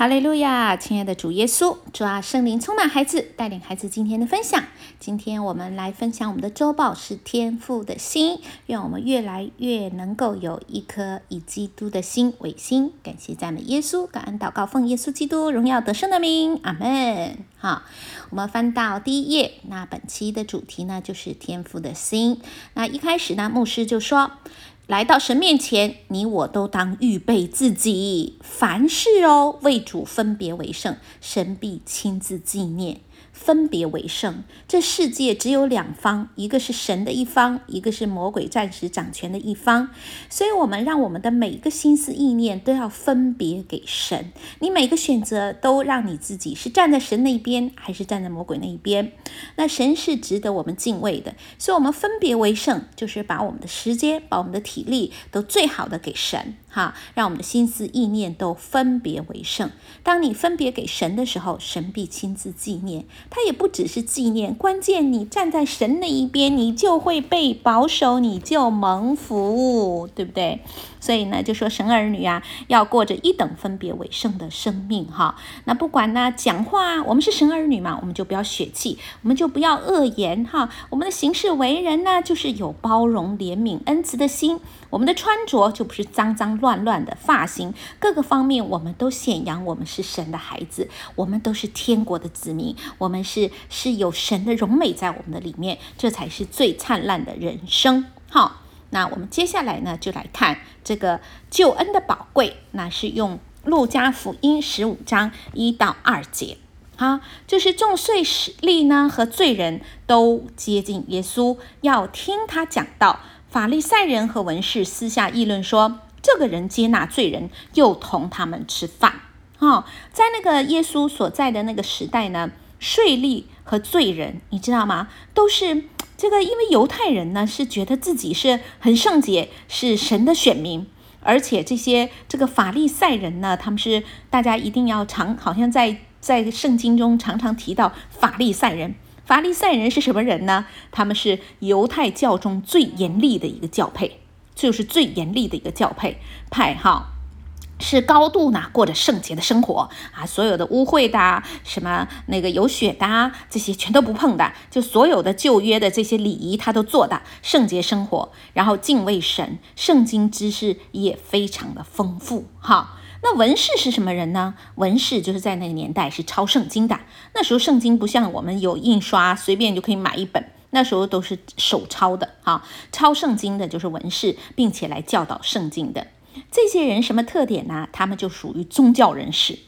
哈利路亞，親愛的主耶穌，主啊，聖靈充滿孩子，帶領孩子今天的分享。今天我們來分享我們的週報是天父的心，願我們越來越能夠有一顆以基督的心為心。感謝讚美耶穌，感恩禱告奉耶穌基督榮耀得勝的名，阿門。好，我們翻到第一頁，那本期的主題呢，就是天父的心。那一開始呢，牧師就說。來到神面前，你我都當預備自己，凡事哦，為主分別為聖，神必親自紀念。分別為聖，這世界只有兩方，一個是神的一方，一個是魔鬼暫時掌權的一方。所以，我們讓我們的每一個心思意念都要分別給神。你每個選擇都讓你自己是站在神那邊，還是站在魔鬼那一邊？那神是值得我們敬畏的。所以，我們分別為聖，就是把我們的時間、把我們的體力都最好的給神。好，讓我們的心思意念都分別為聖。當你分別給神的時候，神必親自紀念。他也不只是紀念，關鍵你站在神那一邊，你就會被保守，你就蒙福，對不對？所以呢，就說神兒女啊，要過着一等分別為聖的生命哈。那不管呢，講話啊，我們是神兒女嘛，我們就不要血氣，我們就不要惡言哈。我們的行事為人呢，就是有包容、憐憫、恩慈的心。我們的穿着就不是髒髒亂亂的髮型，各個方面我們都顯揚我們是神的孩子，我們都是天國的子民，我們是是有神的榮美在我們的裡面，這才是最燦爛的人生哈。那我們接下來呢，就來看這個救恩的寶貴。那是用路加福音十五章一到二節，哈、啊，就是眾稅吏呢和罪人都接近耶穌，要聽他講道。法利賽人和文士私下議論說，這個人接納罪人，又同他們吃飯。啊、哦，在那個耶穌所在的那個時代呢，稅吏和罪人，你知道嗎？都是。這個，因為猶太人呢是覺得自己是很聖潔，是神的選民，而且這些這個法利賽人呢，他們是大家一定要常，好像在在聖經中常常提到法利賽人。法利賽人是什麼人呢？他們是猶太教中最嚴厲的一個教派，就是最嚴厲的一個教派派哈。是高度呢，過着聖潔的生活啊，所有的污穢的、什麼那個有血的這些全都不碰的，就所有的舊約的這些禮儀他都做的聖潔生活，然後敬畏神，聖經知識也非常的豐富哈。那文士是什麼人呢？文士就是在那個年代是抄聖經的，那時候聖經不像我們有印刷，隨便就可以買一本，那時候都是手抄的哈。抄聖經的就是文士，並且來教導聖經的。這些人什麼特點呢、啊？他們就屬於宗教人士，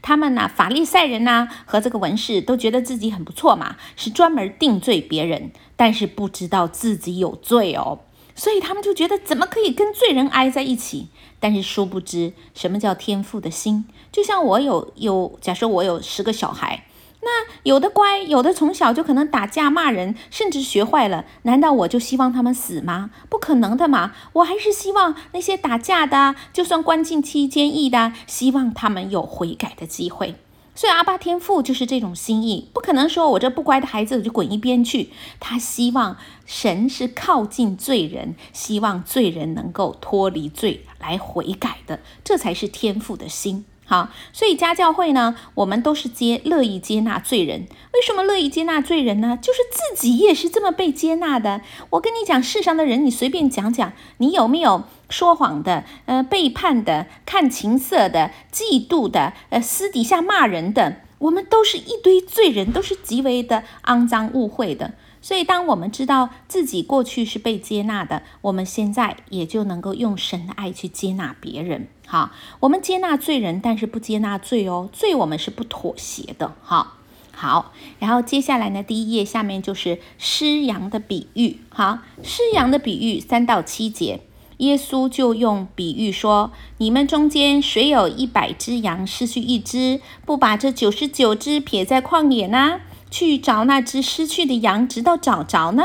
他們呢、啊，法利賽人呢、啊，和這個文士都覺得自己很不錯嘛，是專門定罪別人，但是不知道自己有罪哦，所以他們就覺得怎麼可以跟罪人挨在一起？但是殊不知什麼叫天父的心？就像我有有，假設我有十個小孩。那有的乖，有的從小就可能打架罵人，甚至學壞了。難道我就希望他們死嗎？不可能的嘛！我還是希望那些打架的，就算關進監獄的，希望他們有悔改的機會。所以阿爸天父就是這種心意，不可能說我這不乖的孩子我就滾一邊去。他希望神是靠近罪人，希望罪人能夠脫離罪來悔改的，這才是天父的心。好，所以家教會呢，我們都是接樂意接納罪人。為什麼樂意接納罪人呢？就是自己也是這麼被接納的。我跟你講，世上的人，你隨便講講，你有沒有說謊的？呃，背叛的，看情色的，嫉妒的，呃，私底下罵人的，我們都是一堆罪人，都是極為的骯髒、污穢的。所以，當我們知道自己過去是被接納的，我們現在也就能夠用神的愛去接納別人。好，我們接納罪人，但是不接納罪哦，罪我們是不妥協的。好，好，然後接下來呢，第一頁下面就是失羊的比喻。好，失羊的比喻三到七節，耶穌就用比喻說：你們中間誰有一百隻羊，失去一隻，不把這九十九隻撇在曠野呢？去找那隻失去的羊，直到找着呢？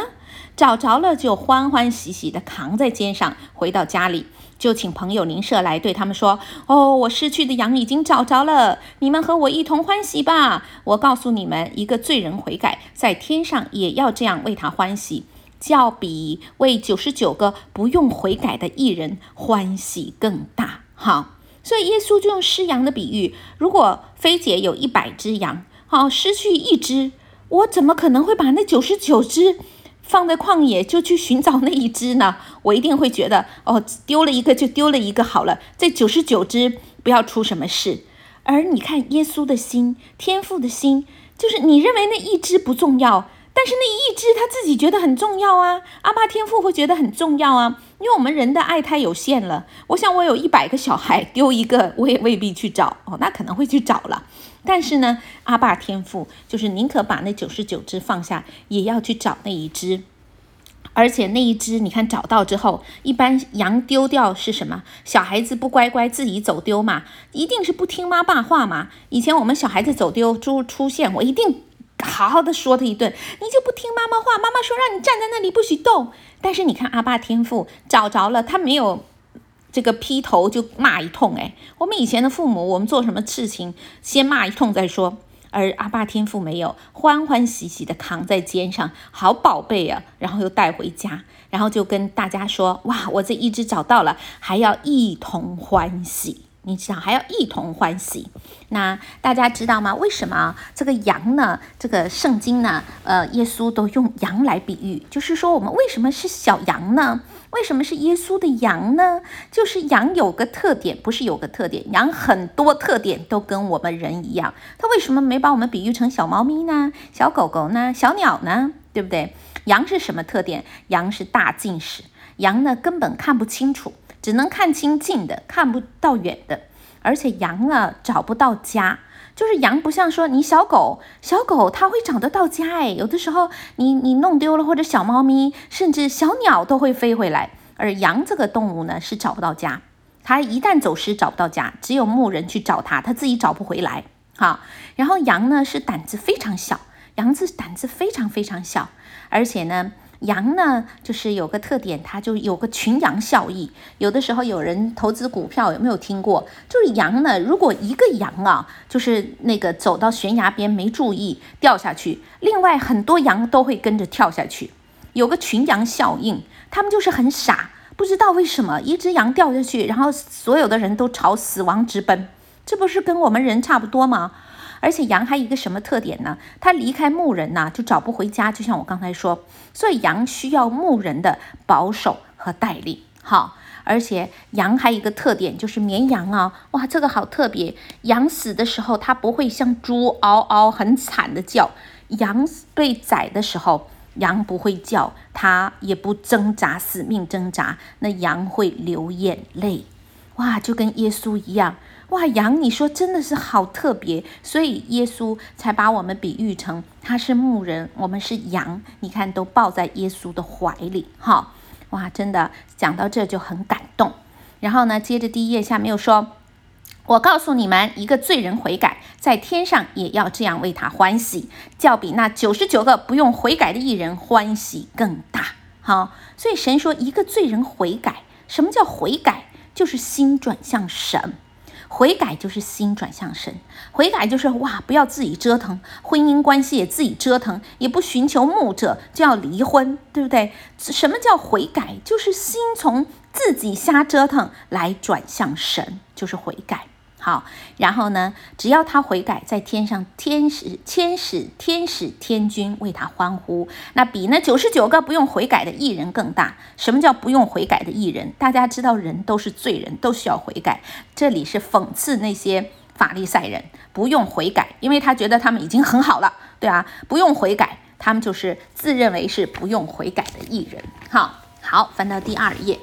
找着了就歡歡喜喜地扛在肩上，回到家裡就請朋友鄰舍來對他們說：“哦，我失去的羊已經找着了，你們和我一同歡喜吧。”我告訴你們，一個罪人悔改，在天上也要這樣為他歡喜，較比為九十九個不用悔改的義人歡喜更大。好，所以耶穌就用失羊的比喻，如果菲姐有一百隻羊。好、哦，失去一隻，我怎麼可能會把那九十九隻放在曠野就去尋找那一隻呢？我一定會覺得，哦，丟了一個就丟了一個，好了，這九十九隻不要出什麼事。而你看，耶穌的心，天父的心，就是你認為那一隻不重要。但是那一隻他自己覺得很重要啊，阿爸天父會覺得很重要啊，因為我們人的愛太有限了。我想我有一百個小孩丟一個，我也未必去找哦，那可能會去找了。但是呢，阿爸天父就是寧可把那九十九隻放下，也要去找那一隻。而且那一隻，你看找到之後，一般羊丟掉是什麼？小孩子不乖乖自己走丟嘛，一定是不聽媽爸話嘛。以前我們小孩子走丟豬出現，我一定。好好的說他一頓，你就不聽媽媽話。媽媽說讓你站在那裡不許動，但是你看阿爸天父找着了，他沒有這個劈頭就罵一通。誒，我們以前的父母，我們做什麼事情先罵一通再說，而阿爸天父沒有，歡歡喜喜的扛在肩上，好寶貝啊，然後又帶回家，然後就跟大家說：哇，我這一隻找到了，還要一同歡喜。你知道，還要一同歡喜。那大家知道嗎？為什麼這個羊呢？這個聖經呢？呃，耶穌都用羊來比喻，就是說我們為什麼是小羊呢？為什麼是耶穌的羊呢？就是羊有個特點，不是有個特點，羊很多特點都跟我們人一樣。他為什麼沒把我們比喻成小貓咪呢？小狗狗呢？小鳥呢？對不對？羊是什麼特點？羊是大近視，羊呢根本看不清楚。只能看清近的，看不到遠的，而且羊呢？找不到家，就是羊不像說你小狗，小狗它會找得到家誒，有的時候你你弄丟了或者小貓咪，甚至小鳥都會飛回來，而羊這個動物呢是找不到家，它一旦走失找不到家，只有牧人去找它，它自己找不回來。好，然後羊呢是膽子非常小，羊子膽子非常非常小，而且呢。羊呢，就是有個特點，它就有個群羊效應。有的時候有人投資股票，有沒有聽過？就是羊呢，如果一個羊啊，就是那個走到懸崖邊沒注意掉下去，另外很多羊都會跟着跳下去，有個群羊效應，它們就是很傻，不知道為什麼一只羊掉下去，然後所有的人都朝死亡直奔，這不是跟我們人差不多嗎？而且羊還有一個什麼特點呢？它離開牧人呢、啊、就找不回家，就像我剛才說，所以羊需要牧人的保守和帶領。好，而且羊還有一個特點，就是綿羊啊、哦，哇，這個好特別。羊死的時候，它不會像豬嗷嗷很慘的叫；羊死被宰的時候，羊不會叫，它也不掙扎，死命掙扎。那羊會流眼淚，哇，就跟耶穌一樣。哇，羊，你說真的是好特別，所以耶穌才把我們比喻成他是牧人，我們是羊。你看，都抱在耶穌的懷裡，哈、哦，哇，真的講到這就很感動。然後呢，接着第一頁下面又說：“我告訴你們，一個罪人悔改，在天上也要這樣為他歡喜，較比那九十九個不用悔改的義人歡喜更大。哦”哈，所以神說，一個罪人悔改，什麼叫悔改？就是心轉向神。悔改就是心轉向神，悔改就是哇，不要自己折騰，婚姻關係也自己折騰，也不尋求牧者就要離婚，對不對？什麼叫悔改？就是心從自己瞎折騰來轉向神，就是悔改。好，然後呢？只要他悔改，在天上天使、天使、天使、天君為他歡呼。那比那九十九個不用悔改的義人，更大。什麼叫不用悔改的義人？大家知道，人都是罪人，都需要悔改。這裡是諷刺那些法利賽人不用悔改，因為他覺得他們已經很好了。對啊，不用悔改，他們就是自認為是不用悔改的義人。好，好，翻到第二頁。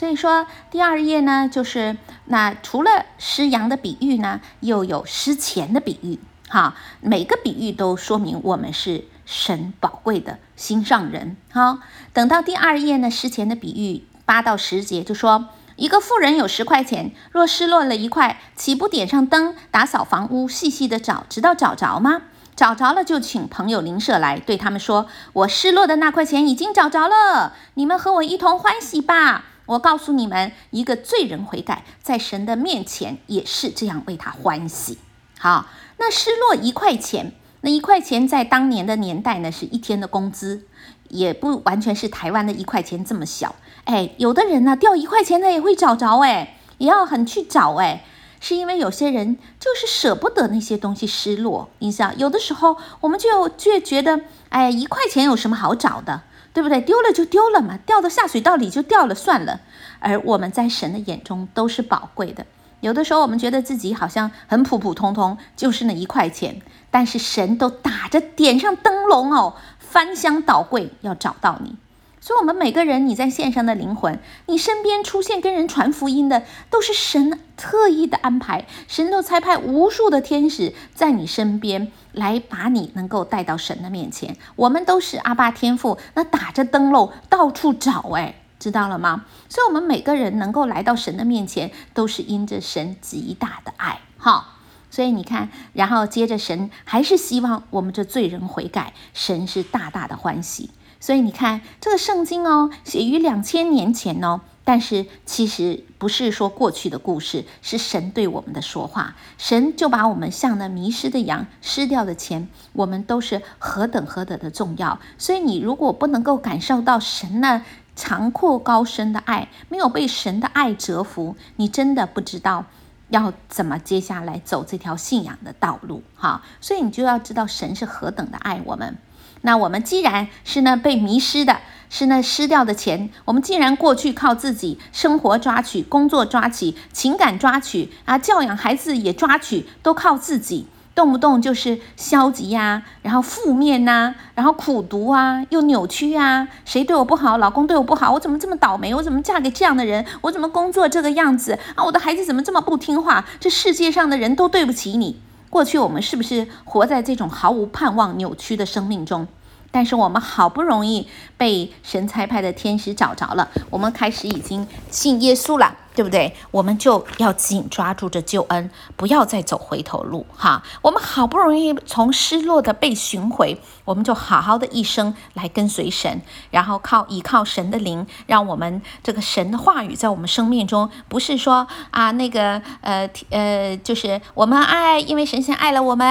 所以說第二頁呢，就是那除了失羊的比喻呢，又有失錢的比喻。哈，每個比喻都說明我們是神寶貴的心上人。哈，等到第二頁呢，失錢的比喻八到十節就說：一個婦人有十塊錢，若失落了一塊，豈不點上燈，打掃房屋，細細地找，直到找着嗎？找着了就請朋友鄰舍來，對他們說：“我失落的那塊錢已經找着了，你們和我一同歡喜吧。”我告訴你們，一個罪人悔改，在神的面前也是這樣為他歡喜。好，那失落一塊錢，那一塊錢在當年的年代呢，是一天的工資，也不完全是台灣的一塊錢這麼小。哎，有的人呢、啊，掉一塊錢他也會找着，哎，也要很去找，哎，是因為有些人就是舍不得那些東西失落。你想，有的時候我們就就覺得，哎，一塊錢有什麼好找的？對不對？丟了就丟了嘛，掉到下水道裡就掉了算了。而我們在神的眼中都是寶貴的。有的時候我們覺得自己好像很普普通通，就是那一塊錢，但是神都打着點上燈籠哦，翻箱倒櫃要找到你。所以，我們每個人，你在線上的靈魂，你身邊出現跟人傳福音的，都是神特意的安排，神都差派無數的天使在你身邊來把你能夠帶到神的面前。我們都是阿爸天父，那打着燈籠到處找哎，知道了嗎？所以，我們每個人能夠來到神的面前，都是因着神極大的愛。好，所以你看，然後接着神還是希望我們這罪人悔改，神是大大的歡喜。所以你看，這個聖經哦，寫於兩千年前哦，但是其實不是說過去的故事，是神對我們的說話。神就把我們像那迷失的羊、失掉的錢，我們都是何等何等的重要。所以你如果不能夠感受到神那長闊高深的愛，沒有被神的愛折服，你真的不知道要怎麼接下來走這條信仰的道路哈。所以你就要知道神是何等的愛我們。那我們既然是那被迷失的，是那失掉的錢，我們既然過去靠自己生活抓取、工作抓取、情感抓取啊，教養孩子也抓取，都靠自己，動不動就是消極呀、啊，然後負面吶、啊，然後苦毒啊，又扭曲啊，誰對我不好？老公對我不好，我怎麼這麼倒霉？我怎麼嫁給這樣的人？我怎麼工作這個樣子？啊，我的孩子怎麼這麼不聽話？這世界上的人都對不起你。過去我們是不是活在這種毫無盼望、扭曲的生命中？但是我們好不容易被神差派的天使找着了，我們開始已經信耶穌了。對不對？我們就要緊抓住這救恩，不要再走回頭路哈！我們好不容易從失落的被尋回，我們就好好的一生來跟隨神，然後靠倚靠神的靈，讓我們這個神的話語在我們生命中，不是說啊那個呃呃，就是我們愛，因為神先愛了我們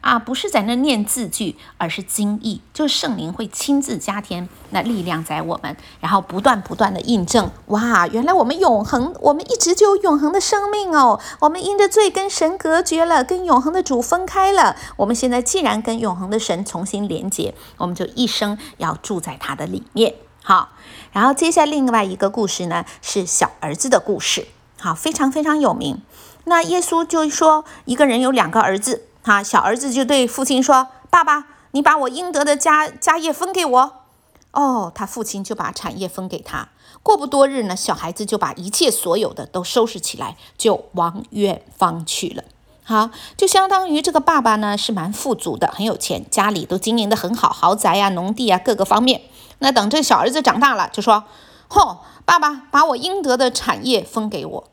啊，不是在那念字句，而是精意，就是、聖靈會親自加添。那力量在我們，然後不斷不斷的印證，哇！原來我們永恆，我們一直就有永恆的生命哦。我們因着罪跟神隔絕了，跟永恆的主分開了。我們現在既然跟永恆的神重新連接，我們就一生要住在他的裡面，好。然後接下來另外一個故事呢，是小兒子的故事，好，非常非常有名。那耶穌就說，一個人有兩個兒子，哈，小兒子就對父親說：“爸爸，你把我應得的家家業分給我。”哦，他父親就把產業分給他。過不多日呢，小孩子就把一切所有的都收拾起來，就往遠方去了。好，就相當於這個爸爸呢是蠻富足的，很有錢，家裡都經營得很好，豪宅呀、啊、農地啊各個方面。那等這小兒子長大了，就說：“吼，爸爸把我應得的產業分給我。”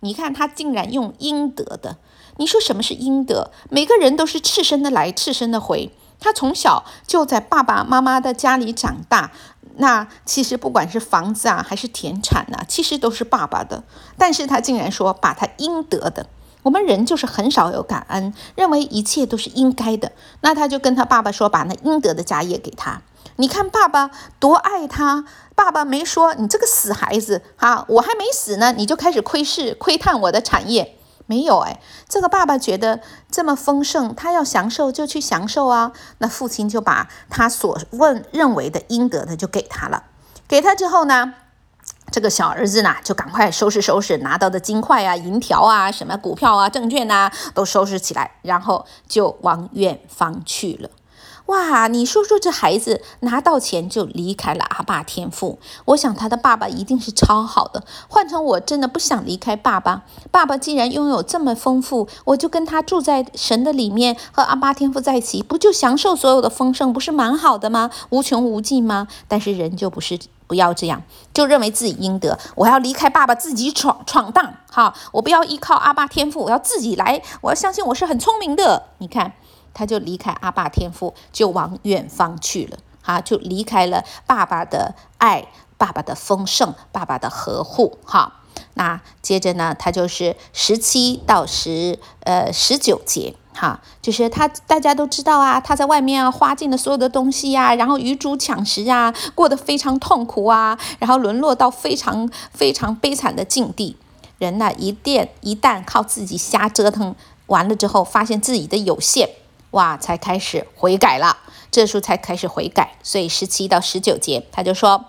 你看他竟然用“應得的”，你說什麼是應得？每個人都是赤身的來，赤身的回。他從小就在爸爸媽媽的家裡長大，那其實不管是房子啊，還是田產啊，其實都是爸爸的。但是他竟然說把他應得的，我們人就是很少有感恩，認為一切都是應該的。那他就跟他爸爸說，把那應得的家業給他。你看爸爸多愛他，爸爸沒說你這個死孩子啊，我還沒死呢，你就開始窺視、窺探我的產業。沒有哎，這個爸爸覺得這麼豐盛，他要享受就去享受啊。那父親就把他所問認為的應得的就給他了，給他之後呢，這個小兒子呢就趕快收拾收拾拿到的金塊啊、銀條啊、什麼股票啊、證券吶、啊，都收拾起來，然後就往遠方去了。哇，你說說這孩子拿到錢就離開了阿爸天父，我想他的爸爸一定是超好的。換成我，真的不想離開爸爸。爸爸既然擁有這麼豐富，我就跟他住在神的裡面，和阿爸天父在一起，不就享受所有的豐盛，不是蠻好的嗎？無窮無盡嗎？但是人就不是不要這樣，就認為自己應得。我要離開爸爸，自己闖闖蕩，哈，我不要依靠阿爸天父，我要自己來，我要相信我是很聰明的。你看。他就離開阿爸天父，就往遠方去了。哈，就離開了爸爸的愛，爸爸的豐盛，爸爸的呵護。哈，那接着呢，他就是十七到十呃十九節。哈，就是他大家都知道啊，他在外面啊花盡了所有的東西啊，然後與豬搶食啊，過得非常痛苦啊，然後淪落到非常非常悲慘的境地。人呢，一旦一旦靠自己瞎折騰完了之後，發現自己的有限。哇！才開始悔改了，這時候才開始悔改，所以十七到十九節，他就說，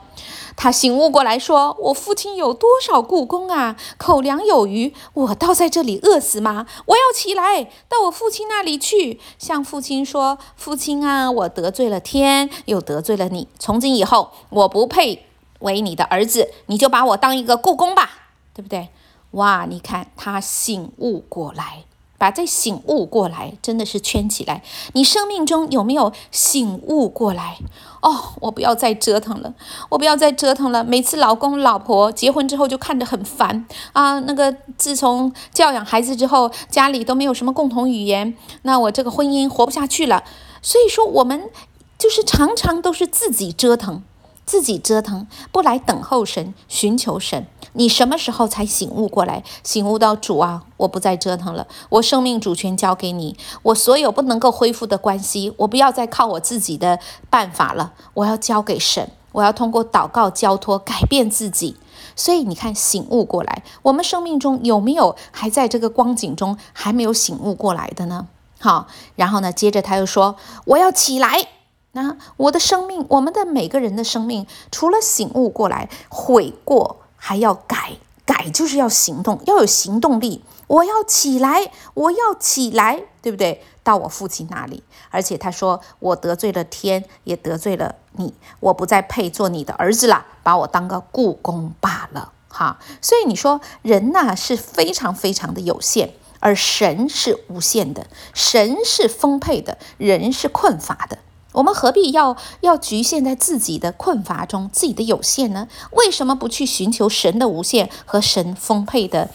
他醒悟過來說：“我父親有多少僱工啊？口糧有餘，我倒在這裡餓死嗎？我要起來到我父親那裡去，向父親說：‘父親啊，我得罪了天，又得罪了你。從今以後，我不配為你的兒子，你就把我當一個僱工吧，對不對？’哇！你看他醒悟過來。”把這醒悟過來，真的是圈起來。你生命中有沒有醒悟過來？哦，我不要再折騰了，我不要再折騰了。每次老公老婆結婚之後就看着很煩啊。那個自從教養孩子之後，家裡都沒有什麼共同語言，那我這個婚姻活不下去了。所以說，我們就是常常都是自己折騰，自己折騰，不來等候神，尋求神。你什麼時候才醒悟過來？醒悟到主啊，我不再折騰了，我生命主權交給你，我所有不能夠恢復的關係，我不要再靠我自己的辦法了，我要交給神，我要通過禱告交托改變自己。所以你看，醒悟過來，我們生命中有沒有還在這個光景中還沒有醒悟過來的呢？好，然後呢，接着他又說，我要起來，那、啊、我的生命，我們的每個人的生命，除了醒悟過來悔過。還要改，改就是要行動，要有行動力。我要起來，我要起來，對不對？到我父親那裡，而且他說我得罪了天，也得罪了你，我不再配做你的兒子了，把我當個僱工罷了，哈。所以你說人吶、啊、是非常非常的有限，而神是無限的，神是豐沛的，人是困乏的。我們何必要要局限在自己的困乏中，自己的有限呢？為什麼不去尋求神的無限和神豐沛的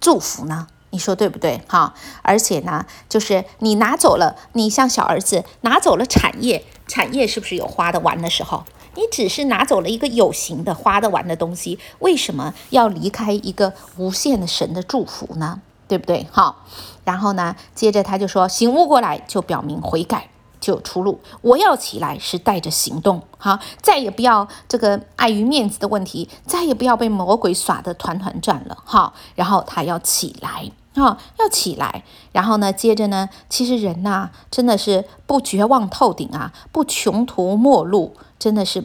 祝福呢？你說對不對？哈，而且呢，就是你拿走了，你像小兒子拿走了產業，產業是不是有花得完的時候？你只是拿走了一個有形的花得完的東西，為什麼要離開一個無限的神的祝福呢？對不對？好，然後呢，接着他就說醒悟過來，就表明悔改。就有出路。我要起來是帶着行動，好，再也不要這個礙於面子的問題，再也不要被魔鬼耍得團團轉了，好。然後他要起來哈、哦，要起來。然後呢，接着呢，其實人吶、啊，真的是不絕望透頂啊，不窮途末路，真的是，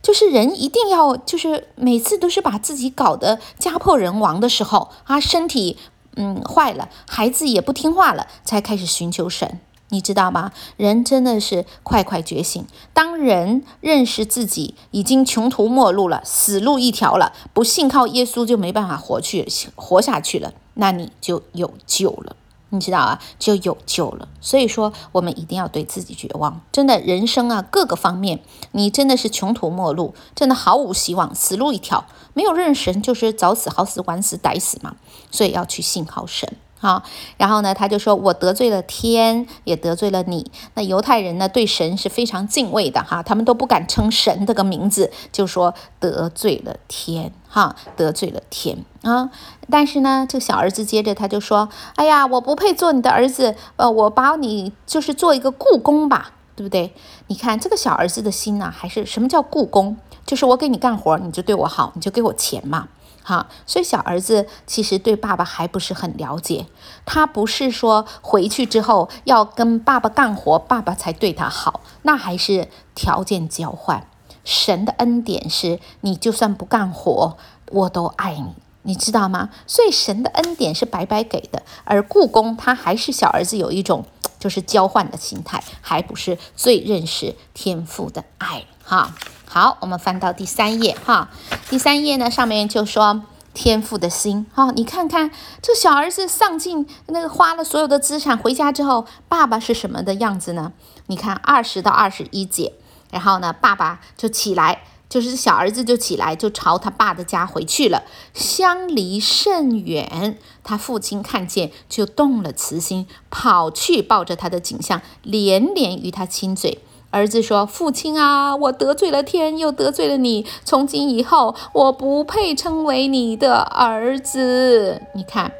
就是人一定要，就是每次都是把自己搞得家破人亡的時候啊，身體嗯壞了，孩子也不聽話了，才開始尋求神。你知道嗎？人真的是快快覺醒！當人認識自己已經窮途末路了，死路一條了，不信靠耶穌就沒辦法活去活下去了，那你就有救了。你知道啊，就有救了。所以說，我們一定要對自己絕望。真的，人生啊，各個方面，你真的是窮途末路，真的毫無希望，死路一條。沒有認神，就是早死、好死、晚死、歹死嘛。所以要去信靠神。好，然後呢，他就說，我得罪了天，也得罪了你。那猶太人呢，對神是非常敬畏的哈，他們都不敢稱神這個名字，就說得罪了天哈，得罪了天啊。但是呢，這個小兒子接着他就說，哎呀，我不配做你的兒子，呃，我把你就是做一個雇工吧，對不對？你看這個小兒子的心呢、啊，還是什麼叫雇工？就是我給你幹活，你就對我好，你就給我錢嘛。哈，所以小兒子其實對爸爸還不是很了解。他不是說回去之後要跟爸爸幹活，爸爸才對他好，那還是條件交換。神的恩典是你就算不幹活，我都愛你，你知道嗎？所以神的恩典是白白給的，而故宮他還是小兒子有一種就是交換的心態，還不是最認識天父的愛哈。好好，我們翻到第三頁哈、哦。第三頁呢，上面就說天父的心哈、哦。你看看，這小兒子喪盡那個，花了所有的資產回家之後，爸爸是什麼的樣子呢？你看二十到二十一節，然後呢，爸爸就起來，就是小兒子就起來，就朝他爸的家回去了。相離甚遠，他父親看見就動了慈心，跑去抱着他的頸項，連連與他親嘴。兒子說：“父親啊，我得罪了天，又得罪了你。從今以後，我不配稱為你的兒子。你看，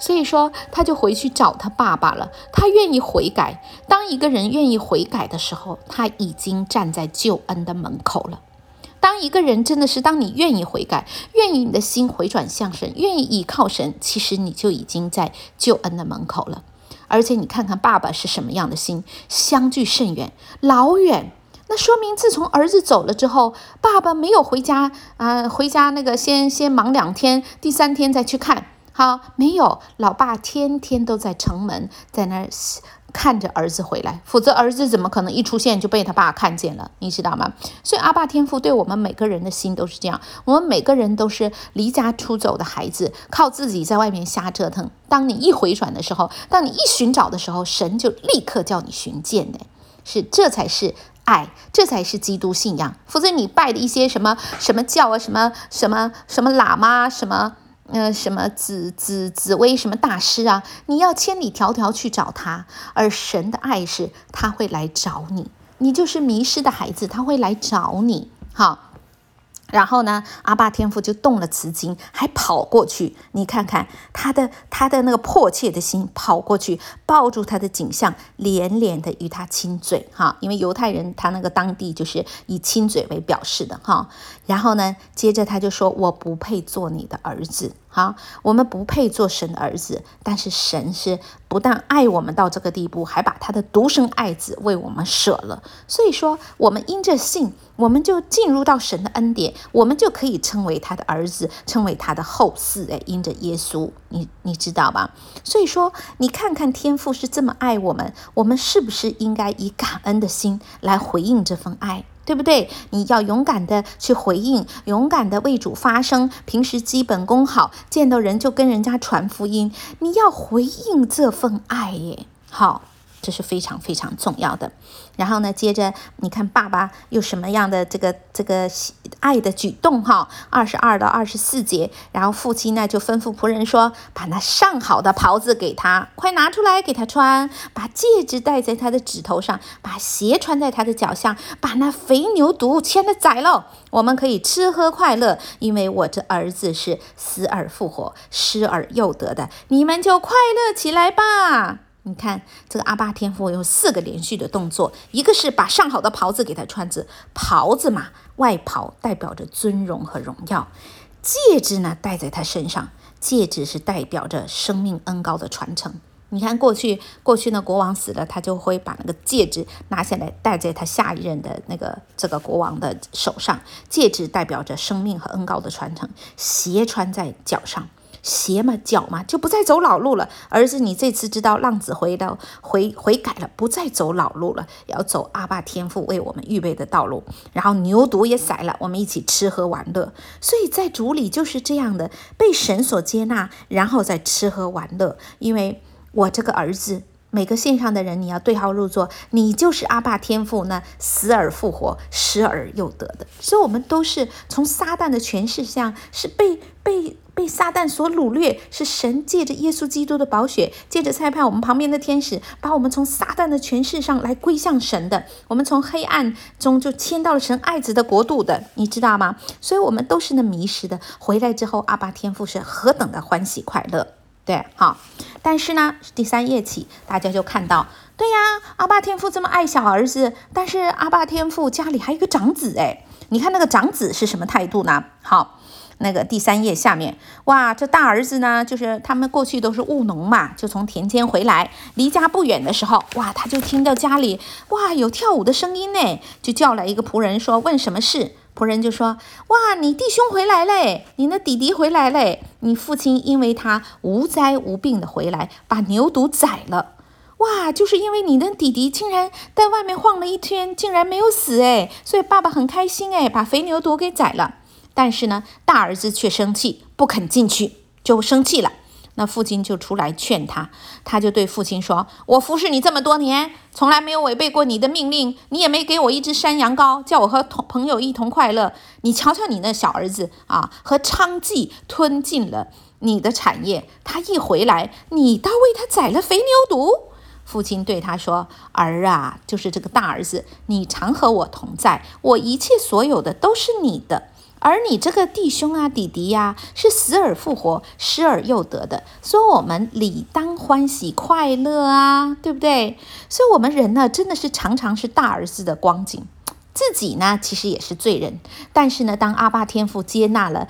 所以說，他就回去找他爸爸了。他願意悔改。當一個人願意悔改的時候，他已經站在救恩的門口了。當一個人真的是當你願意悔改，願意你的心回轉向神，願意倚靠神，其實你就已經在救恩的門口了。”而且你看看爸爸是什麼樣的心，相距甚遠，老遠，那說明自從兒子走了之後，爸爸沒有回家啊、呃，回家那個先先忙兩天，第三天再去看，好，沒有，老爸天天都在城門，在那兒。看着兒子回來，否則兒子怎麼可能一出現就被他爸看見了？你知道嗎？所以阿爸天父對我們每個人的心都是這樣，我們每個人都是離家出走的孩子，靠自己在外面瞎折騰。當你一回轉的時候，當你一尋找的時候，神就立刻叫你尋見的。是，這才是愛，這才是基督信仰。否則你拜的一些什麼什麼教啊，什麼什麼什麼喇嘛什麼。呃，什麼紫紫紫薇什麼大師啊？你要千里迢迢去找他，而神的愛是他會來找你，你就是迷失的孩子，他會來找你，好。然後呢，阿爸天父就動了慈心，還跑過去。你看看他的他的那個迫切的心，跑過去抱住他的頸項，連連的與他親嘴哈。因為猶太人他那個當地就是以親嘴為表示的哈。然後呢，接着他就說：“我不配做你的兒子。”好，我們不配做神的兒子，但是神是不但愛我們到這個地步，還把他的獨生愛子為我們捨了。所以說，我們因着信，我們就進入到神的恩典，我們就可以稱為他的兒子，稱為他的後嗣。哎，因着耶穌，你你知道吧？所以說，你看看天父是這麼愛我們，我們是不是應該以感恩的心來回應這份愛？對不對？你要勇敢的去回應，勇敢的為主發聲。平時基本功好，見到人就跟人家傳福音。你要回應這份愛耶，好，這是非常非常重要的。然後呢，接着你看，爸爸有什麼樣的這個這個喜愛的舉動哈？二十二到二十四節，然後父親呢就吩咐僕人說：“把那上好的袍子給他，快拿出來給他穿；把戒指戴在他的指頭上；把鞋穿在他的腳下；把那肥牛犢牽着宰嘍！我們可以吃喝快樂，因為我這兒子是死而復活，失而又得的。你們就快樂起來吧。”你看這個阿爸天父有四個連續的動作，一個是把上好的袍子給他穿着，袍子嘛，外袍代表着尊榮和榮耀；戒指呢，戴在他身上，戒指是代表着生命恩膏的傳承。你看過去，過去呢國王死了，他就會把那個戒指拿下來戴在他下一任的那個這個國王的手上，戒指代表着生命和恩膏的傳承；鞋穿在腳上。鞋嘛，腳嘛，就不再走老路了。兒子，你這次知道浪子回頭，回悔改了，不再走老路了，要走阿爸天父為我們預備的道路。然後牛犢也宰了，我們一起吃喝玩樂。所以在主裡就是這樣的，被神所接納，然後再吃喝玩樂。因為我這個兒子。每個線上的人，你要對號入座。你就是阿爸天父那死而復活，失而又得的。所以，我們都是從撒旦的權勢下是被被被撒旦所擄掠，是神借着耶穌基督的寶血，借着差派我們旁邊的天使，把我們從撒旦的權勢上來歸向神的。我們從黑暗中就遷到了神愛子的國度的，你知道嗎？所以我們都是那迷失的。回來之後，阿爸天父是何等的歡喜快樂。對，好，但是呢，第三頁起大家就看到，對呀，阿爸天父這麼愛小兒子，但是阿爸天父家裡還有一個長子哎，你看那個長子是什麼態度呢？好，那個第三頁下面，哇，這大兒子呢，就是他們過去都是務農嘛，就從田間回來，離家不遠的時候，哇，他就聽到家裡哇有跳舞的聲音呢，就叫來一個僕人說，問什麼事？僕人就說：“哇，你弟兄回來嘞！你的弟弟回來嘞！你父親因為他無災無病的回來，把牛犢宰了。哇，就是因為你的弟弟竟然在外面晃了一天，竟然沒有死哎，所以爸爸很開心哎，把肥牛犢給宰了。但是呢，大兒子卻生氣，不肯進去，就生氣了。”那父親就出來勸他，他就對父親說：“我服侍你這麼多年，從來沒有違背過你的命令，你也沒給我一隻山羊羔，叫我和同朋友一同快樂。你瞧瞧你那小兒子啊，和娼妓吞盡了你的產業，他一回來，你倒為他宰了肥牛犢。”父親對他說：“兒啊，就是這個大兒子，你常和我同在，我一切所有的都是你的。”而你這個弟兄啊，弟弟呀，啊，是死而復活，失而又得的，所以我們理當歡喜快樂啊，對不對？所以，我們人呢，真的是常常是大兒子的光景，自己呢，其實也是罪人。但是呢，當阿爸天父接納了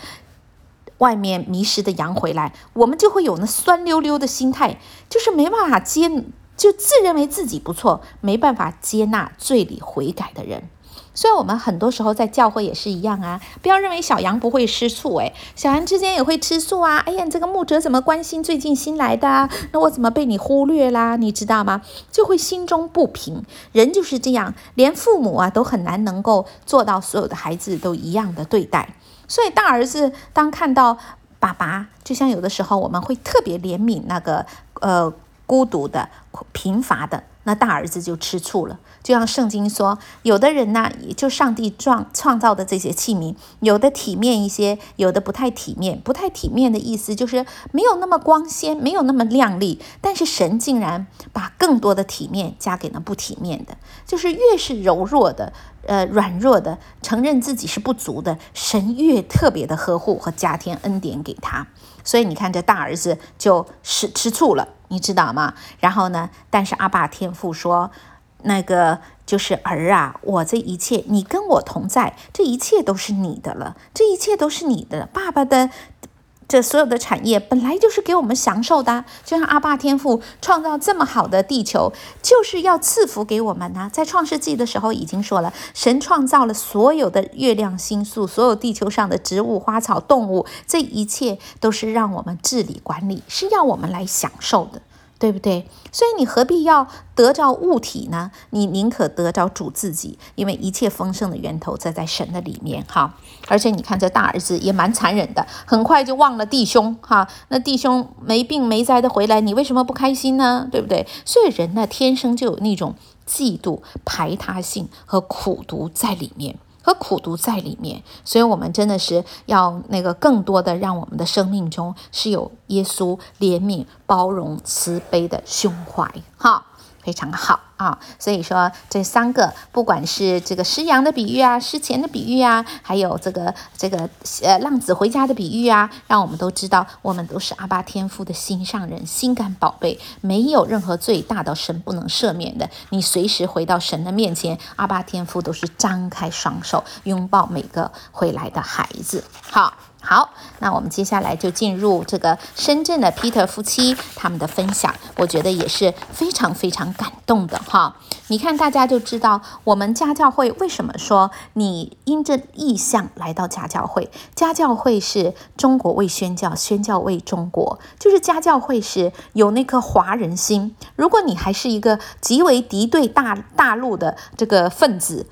外面迷失的羊回來，我們就會有那酸溜溜的心態，就是沒辦法接，就自認為自己不錯，沒辦法接納罪裡悔改的人。所以，我們很多時候在教會也是一樣啊，不要認為小羊不會吃醋，哎，小羊之間也會吃醋啊。哎呀，這個牧者怎麼關心最近新來的啊？那我怎麼被你忽略啦？你知道嗎？就會心中不平，人就是這樣，連父母啊都很難能夠做到所有的孩子都一樣的對待。所以，大兒子當看到爸爸，就像有的時候我們會特別憐憫那個呃孤獨的、貧乏的。那大兒子就吃醋了，就像聖經說，有的人呢、啊，也就上帝創創造的這些器皿，有的體面一些，有的不太體面。不太體面的意思就是沒有那麼光鮮，沒有那麼亮麗。但是神竟然把更多的體面加給那不體面的，就是越是柔弱的，呃，軟弱的，承認自己是不足的，神越特別的呵護和加添恩典給他。所以你看，這大兒子就是吃醋了。你知道嗎？然後呢，但是阿爸天父說，那個就是兒啊，我這一切，你跟我同在，這一切都是你的了，這一切都是你的了，爸爸的。這所有的產業本來就是給我們享受的啊，就像阿爸天父創造這麼好的地球，就是要賜福給我們吶啊。在創世記的時候已經說了，神創造了所有的月亮星宿，所有地球上的植物花草動物，這一切都是讓我們治理管理，是要我們來享受的。對不對？所以你何必要得着物體呢？你寧可得着主自己，因為一切豐盛的源頭在在神的裡面哈。而且你看這大兒子也蠻殘忍的，很快就忘了弟兄哈。那弟兄沒病沒災的回來，你為什麼不開心呢？對不對？所以人呢天生就有那種嫉妒、排他性和苦毒在裡面。和苦毒在裡面，所以我們真的是要那個更多的，讓我們的生命中是有耶穌憐憫、包容、慈悲的胸懷，好，非常好。啊、哦，所以說這三個，不管是這個失羊的比喻啊，失錢的比喻啊，還有這個這個呃浪子回家的比喻啊，讓我們都知道，我們都是阿爸天父的心上人、心肝寶貝，沒有任何罪大到神不能赦免的。你隨時回到神的面前，阿爸天父都是張開雙手擁抱每個回來的孩子。好，好，那我們接下來就進入這個深圳的 Peter 夫妻他們的分享，我覺得也是非常非常感動的。好，你看大家就知道，我們家教會為什麼說，你因着意向來到家教會？家教會是中國為宣教，宣教為中國，就是家教會是有那顆華人心。如果你還是一個極為敵對大大陸的這個分子，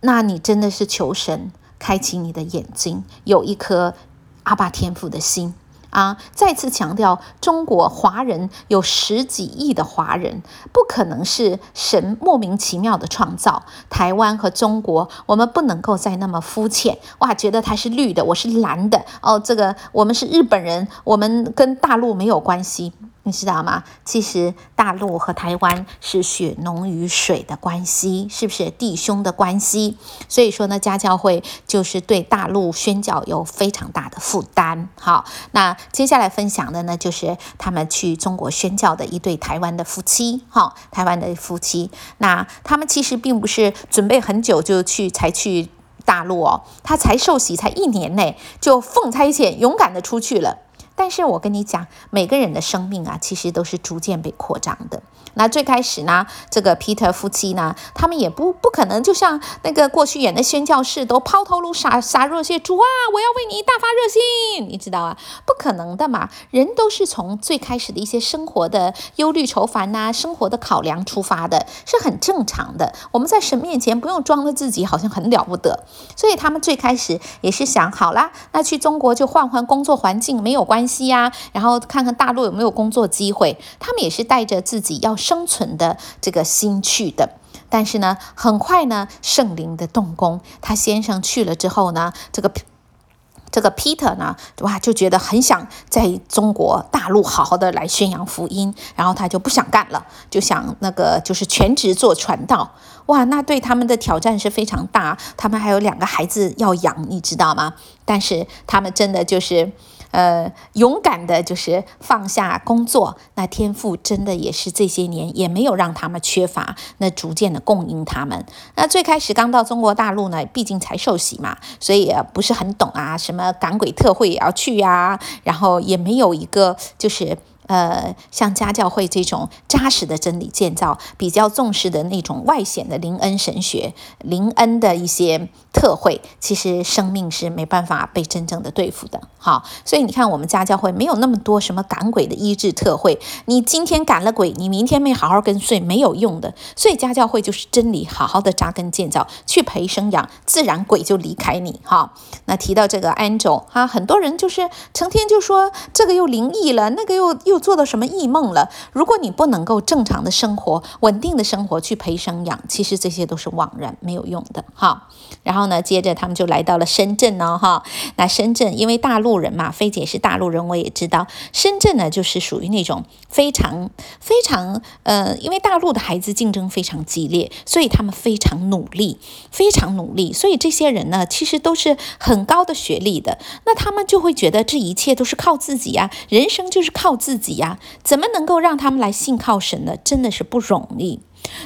那你真的是求神開啟你的眼睛，有一顆阿爸天父的心。啊！再次強調，中國華人有十幾億的華人，不可能是神莫名其妙的創造。台灣和中國，我們不能夠再那麼膚淺，哇，覺得它是綠的，我是藍的。哦。這個，我們是日本人，我們跟大陸沒有關係。你知道嗎？其實大陸和台灣是血濃於水的關係，是不是弟兄的關係？所以說呢，家教會就是對大陸宣教有非常大的負擔。好，那接下來分享的呢，就是他們去中國宣教的一對台灣的夫妻。哈、哦，台灣的夫妻，那他們其實並不是準備很久就去才去大陸哦，他才受洗才一年內，就奉差遣勇敢的出去了。但是我跟你講，每個人的生命啊，其實都是逐漸被擴張的。那最開始呢，這個 Peter 夫妻呢，他們也不不可能，就像那個過去演的宣教士，都拋頭顱、灑灑熱血，主啊，我要為你大發熱心，你知道啊，不可能的嘛。人都是從最開始的一些生活的憂慮、愁煩吶，生活的考量出發的，是很正常的。我們在神面前不用裝着自己好像很了不得，所以他們最開始也是想，好啦，那去中國就換換工作環境，沒有關。分析啊，然後看看大陸有沒有工作機會。他們也是帶着自己要生存的這個心去的。但是呢，很快呢，聖靈的動工，他先生去了之後呢，這個這個 Peter 呢，哇，就覺得很想在中國大陸好好的來宣揚福音，然後他就不想幹了，就想那個就是全職做傳道。哇，那對他們的挑戰是非常大，他們還有兩個孩子要養，你知道嗎？但是他們真的就是。呃，勇敢的就是放下工作，那天父真的也是這些年也沒有讓他們缺乏，那逐漸的供應他們。那最開始剛到中國大陸呢，畢竟才受洗嘛，所以也不是很懂啊，什麼趕鬼特會也要去啊，然後也沒有一個就是呃，像家教會這種紮實的真理建造，比較重視的那種外顯的靈恩神學，靈恩的一些。特惠其實生命是沒辦法被真正的對付的，好，所以你看我們家教會沒有那麼多什麼趕鬼的醫治特會。你今天趕了鬼，你明天沒好好跟隨沒有用的，所以家教會就是真理，好好的扎根建造，去陪生養，自然鬼就離開你哈。那提到這個 angel 哈、啊，很多人就是成天就說這個又靈異了，那個又又做到什麼異夢了，如果你不能夠正常的生活、穩定的生活去陪生養，其實這些都是枉然沒有用的哈，然後。然後呢，接着他們就來到了深圳呢，哈。那深圳因為大陸人嘛，菲姐是大陸人，我也知道，深圳呢就是屬於那種非常非常，呃，因為大陸的孩子競爭非常激烈，所以他們非常努力，非常努力。所以這些人呢，其實都是很高的學歷的。那他們就會覺得這一切都是靠自己呀、啊，人生就是靠自己呀、啊，怎麼能夠讓他們來信靠神呢？真的是不容易。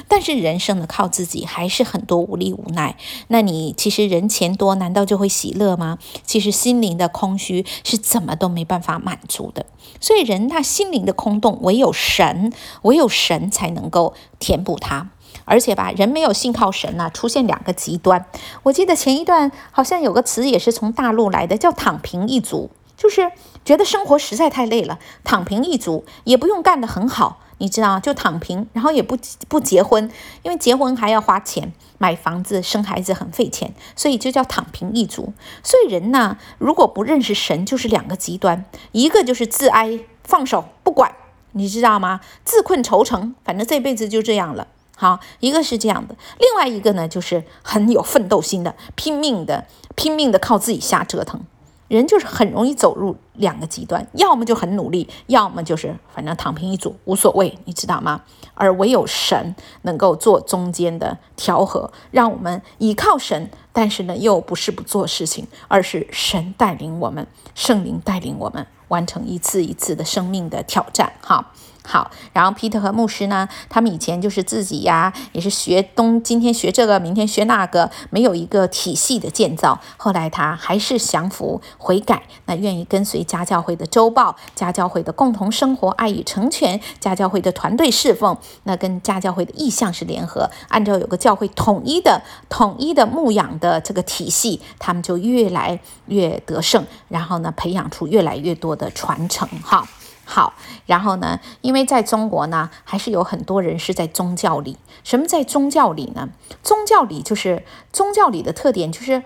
但是人生的靠自己，還是很多無力無奈。那你其實人錢多，難道就會喜樂嗎？其實心靈的空虛是怎麼都沒辦法滿足的。所以人他心靈的空洞，唯有神，唯有神才能夠填補它。而且吧，人沒有信靠神吶、啊，出現兩個極端。我記得前一段好像有個詞也是從大陸來的，叫“躺平一族”，就是覺得生活實在太累了，躺平一族，也不用幹得很好。你知道，就躺平，然後也不不結婚，因為結婚還要花錢，買房子、生孩子很費錢，所以就叫躺平一族。所以人呢，如果不認識神，就是兩個極端，一個就是自哀放手不管，你知道嗎？自困愁城，反正這輩子就這樣了。好，一個是這樣的，另外一個呢，就是很有奮鬥心的，拼命的、拼命的靠自己瞎折騰。人就是很容易走入兩個極端，要麼就很努力，要麼就是反正躺平一族無所謂，你知道嗎？而唯有神能夠做中間的調和，讓我們依靠神，但是呢又不是不做事情，而是神帶領我們，聖靈帶領我們完成一次一次的生命的挑戰，哈。好，然後 Peter 和牧師呢，他們以前就是自己呀，也是學東，今天學這個，明天學那個，沒有一個體系的建造。後來他還是降服悔改，那願意跟隨家教會的周報，家教會的共同生活、愛與成全，家教會的團隊侍奉，那跟家教會的意向是聯合，按照有個教會統一的、統一的牧養的這個體系，他們就越來越得勝，然後呢，培養出越來越多的傳承，哈。好，然後呢？因為在中國呢，還是有很多人是在宗教裡。什麼在宗教裡呢？宗教裡就是宗教裡的特點就是，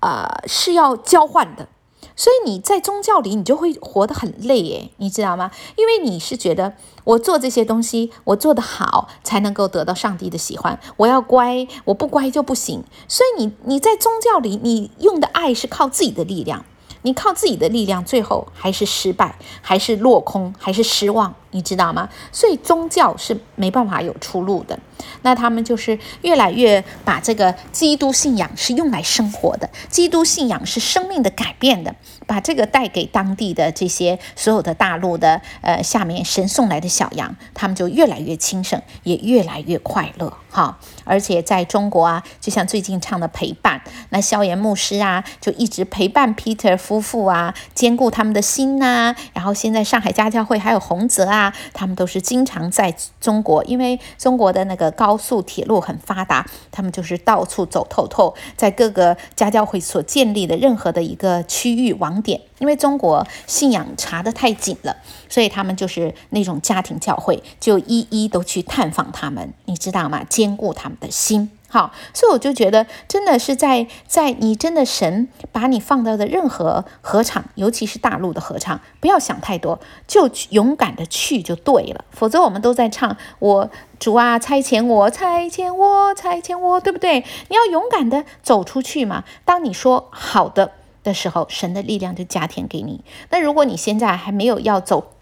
呃，是要交換的。所以你在宗教裡，你就會活得很累，誒，你知道嗎？因為你是覺得我做這些東西，我做得好才能夠得到上帝的喜歡。我要乖，我不乖就不行。所以你你在宗教裡，你用的愛是靠自己的力量。你靠自己的力量，最後還是失敗，還是落空，還是失望，你知道嗎？所以宗教是沒辦法有出路的。那他們就是越來越把這個基督信仰是用來生活的，基督信仰是生命的改變的。把這個帶給當地的這些所有的大陸的呃下面神送來的小羊，他們就越來越輕省，也越來越快樂哈。而且在中國啊，就像最近唱的《陪伴》，那蕭炎牧師啊，就一直陪伴 Peter 夫婦啊，堅固他們的心吶、啊。然後現在上海家教會還有洪澤啊，他們都是經常在中國，因為中國的那個高速鐵路很發達，他們就是到處走透透，在各個家教會所建立的任何的一個區域網。點，因為中國信仰查得太緊了，所以他們就是那種家庭教會，就一一都去探訪他們，你知道嗎？堅固他們的心，好，所以我就覺得真的是在在你真的神把你放到的任何禾場，尤其是大陸的禾場，不要想太多，就勇敢的去就對了，否則我們都在唱我主啊差遣我，差遣我，差遣我，對不對？你要勇敢的走出去嘛，當你說好的的時候，神的力量就加添給你。那如果你現在還沒有要走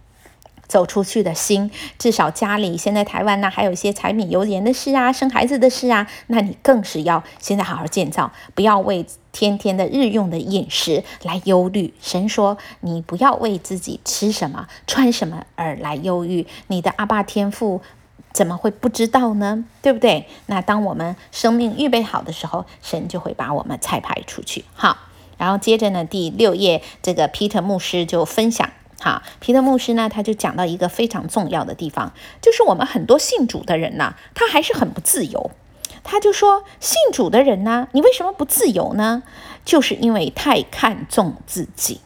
走出去的心，至少家裡現在台灣呢，還有一些柴米油鹽的事啊，生孩子的事啊，那你更是要現在好好建造，不要為天天的日用的飲食來憂慮。神說：“你不要為自己吃什麼、穿什麼而來憂慮。”你的阿爸天父怎麼會不知道呢？對不對？那當我們生命預備好的時候，神就會把我們差派出去。好。然後接着呢，第六頁這個皮特牧師就分享，哈，皮特牧師呢，他就講到一個非常重要的地方，就是我們很多信主的人吶，他還是很不自由。他就說，信主的人呢，你為什麼不自由呢？就是因為太看重自己。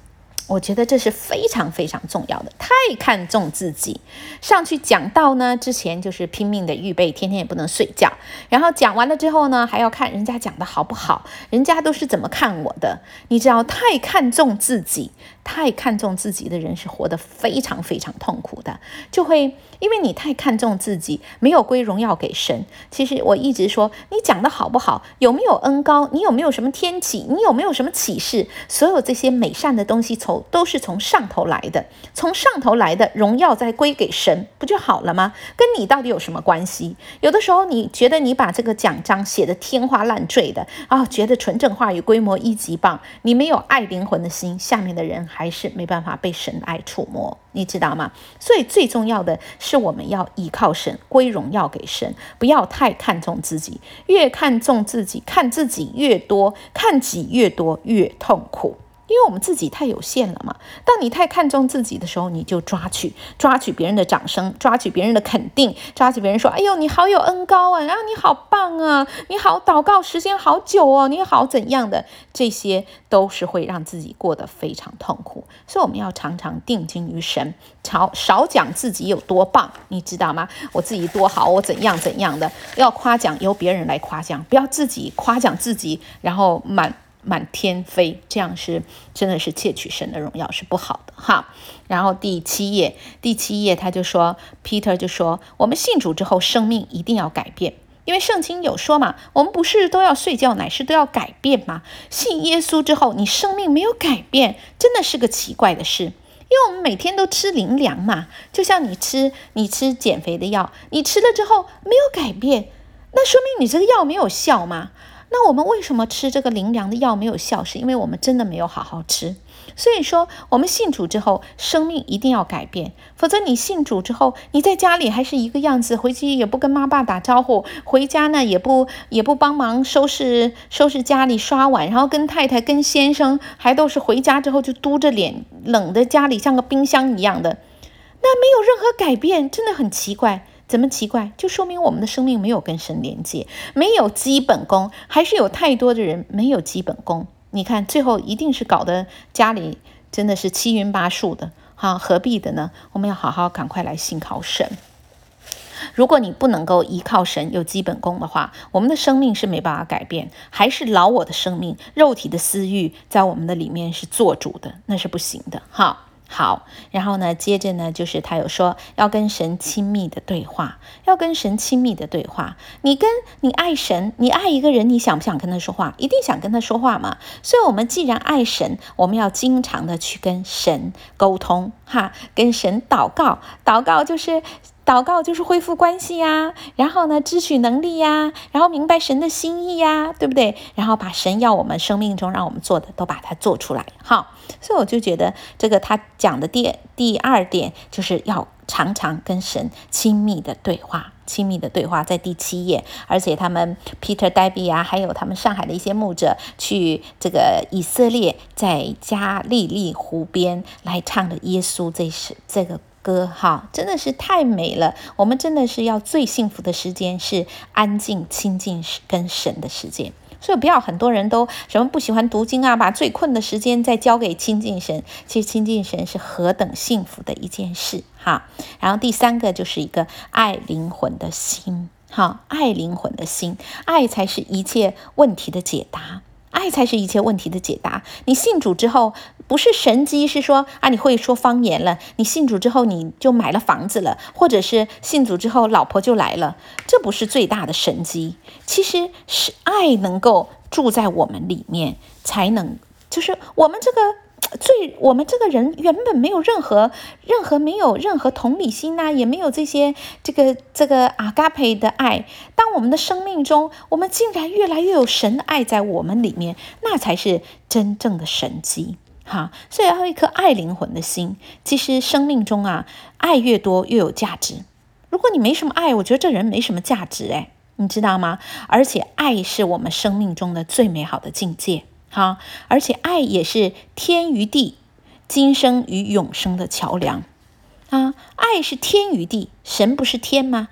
我覺得這是非常非常重要的，太看重自己，上去講道呢，之前就是拼命的預備，天天也不能睡覺，然後講完了之後呢，還要看人家講得好不好，人家都是怎麼看我的，你只要太看重自己。太看重自己的人是活得非常非常痛苦的，就會因為你太看重自己，沒有歸榮耀給神。其實我一直說，你講得好不好，有沒有恩膏，你有沒有什麼天啟，你有沒有什麼啟示，所有這些美善的東西從都是從上頭來的，從上頭來的榮耀再歸給神，不就好了嗎？跟你到底有什麼關係？有的時候你覺得你把這個講章寫得天花亂墜的啊、哦，覺得純正話語規模一級棒，你沒有愛靈魂的心，下面的人還是沒辦法被神愛觸摸，你知道嗎？所以最重要的是，我們要依靠神，歸榮耀給神，不要太看重自己。越看重自己，看自己越多，看己越多，越痛苦。因為我們自己太有限了嘛。當你太看重自己的時候，你就抓取，抓取別人的掌聲，抓取別人的肯定，抓取別人說：“哎呦，你好有恩膏啊！啊，你好棒啊！你好，禱告時間好久哦！你好怎樣的？這些都是會讓自己過得非常痛苦。所以我們要常常定睛於神，少少講自己有多棒，你知道嗎？我自己多好，我怎樣怎樣的？要誇獎由別人來誇獎，不要自己誇獎自己，然後滿。滿天飛，這樣是真的是竊取神的榮耀，是不好的哈。然後第七頁，第七頁他就說，Peter 就說，我們信主之後，生命一定要改變，因為聖經有說嘛，我們不是都要睡覺，乃是都要改變嘛。信耶穌之後，你生命沒有改變，真的是個奇怪的事，因為我們每天都吃靈糧嘛，就像你吃你吃減肥的藥，你吃了之後沒有改變，那說明你這個藥沒有效嘛。那我們為什麼吃這個靈糧的藥沒有效？是因為我們真的沒有好好吃。所以說，我們信主之後，生命一定要改變，否則你信主之後，你在家裡還是一個樣子，回去也不跟媽爸打招呼，回家呢也不也不幫忙收拾收拾家裡、刷碗，然後跟太太、跟先生還都是回家之後就嘟着臉，冷的家裡像個冰箱一樣的，那沒有任何改變，真的很奇怪。怎麼奇怪？就說明我們的生命沒有跟神連接，沒有基本功，還是有太多的人沒有基本功。你看，最後一定是搞得家裡真的是七葷八素的，哈、啊，何必的呢？我們要好好趕快來信靠神。如果你不能夠依靠神有基本功的話，我們的生命是沒辦法改變，還是老我的生命，肉體的私慾在我們的裡面是做主的，那是不行的，哈、啊。好，然後呢，接着呢，就是他有說要跟神親密的對話，要跟神親密的對話。你跟你愛神，你愛一個人，你想不想跟他說話？一定想跟他說話嘛。所以，我們既然愛神，我們要經常的去跟神溝通，哈，跟神禱告，禱告就是。禱告就是恢復關係呀、啊，然後呢，支取能力呀、啊，然後明白神的心意呀、啊，對不對？然後把神要我們生命中讓我們做的都把它做出來，好。所以我就覺得這個他講的第第二點就是要常常跟神親密的對話，親密的對話在第七頁。而且他們 Peter、Debbie 啊，還有他們上海的一些牧者去這個以色列，在加利利湖邊來唱的耶穌這是這個。歌哈，真的是太美了。我們真的是要最幸福的時間是安靜親近跟神的時間，所以不要，很多人都什麼不喜歡讀經啊，把最困的時間再交給親近神。其實親近神是何等幸福的一件事哈。然後第三個就是一個愛靈魂的心，哈，愛靈魂的心，愛才是一切問題的解答。愛才是一切問題的解答。你信主之後，不是神蹟，是說啊，你會說方言了。你信主之後，你就買了房子了，或者是信主之後老婆就來了，這不是最大的神蹟，其實是愛能夠住在我們裡面，才能就是我們這個。最我們這個人原本沒有任何、任何沒有任何同理心吶、啊，也沒有這些這個這個阿伽佩的愛。當我們的生命中，我們竟然越來越有神的愛在我們裡面，那才是真正的神蹟哈！所以要有一顆愛靈魂的心。其實生命中啊，愛越多越有價值。如果你沒什麼愛，我覺得這人沒什麼價值哎，你知道嗎？而且愛是我們生命中的最美好的境界。哈，而且愛也是天與地、今生與永生的橋樑，啊，愛是天與地，神不是天嗎？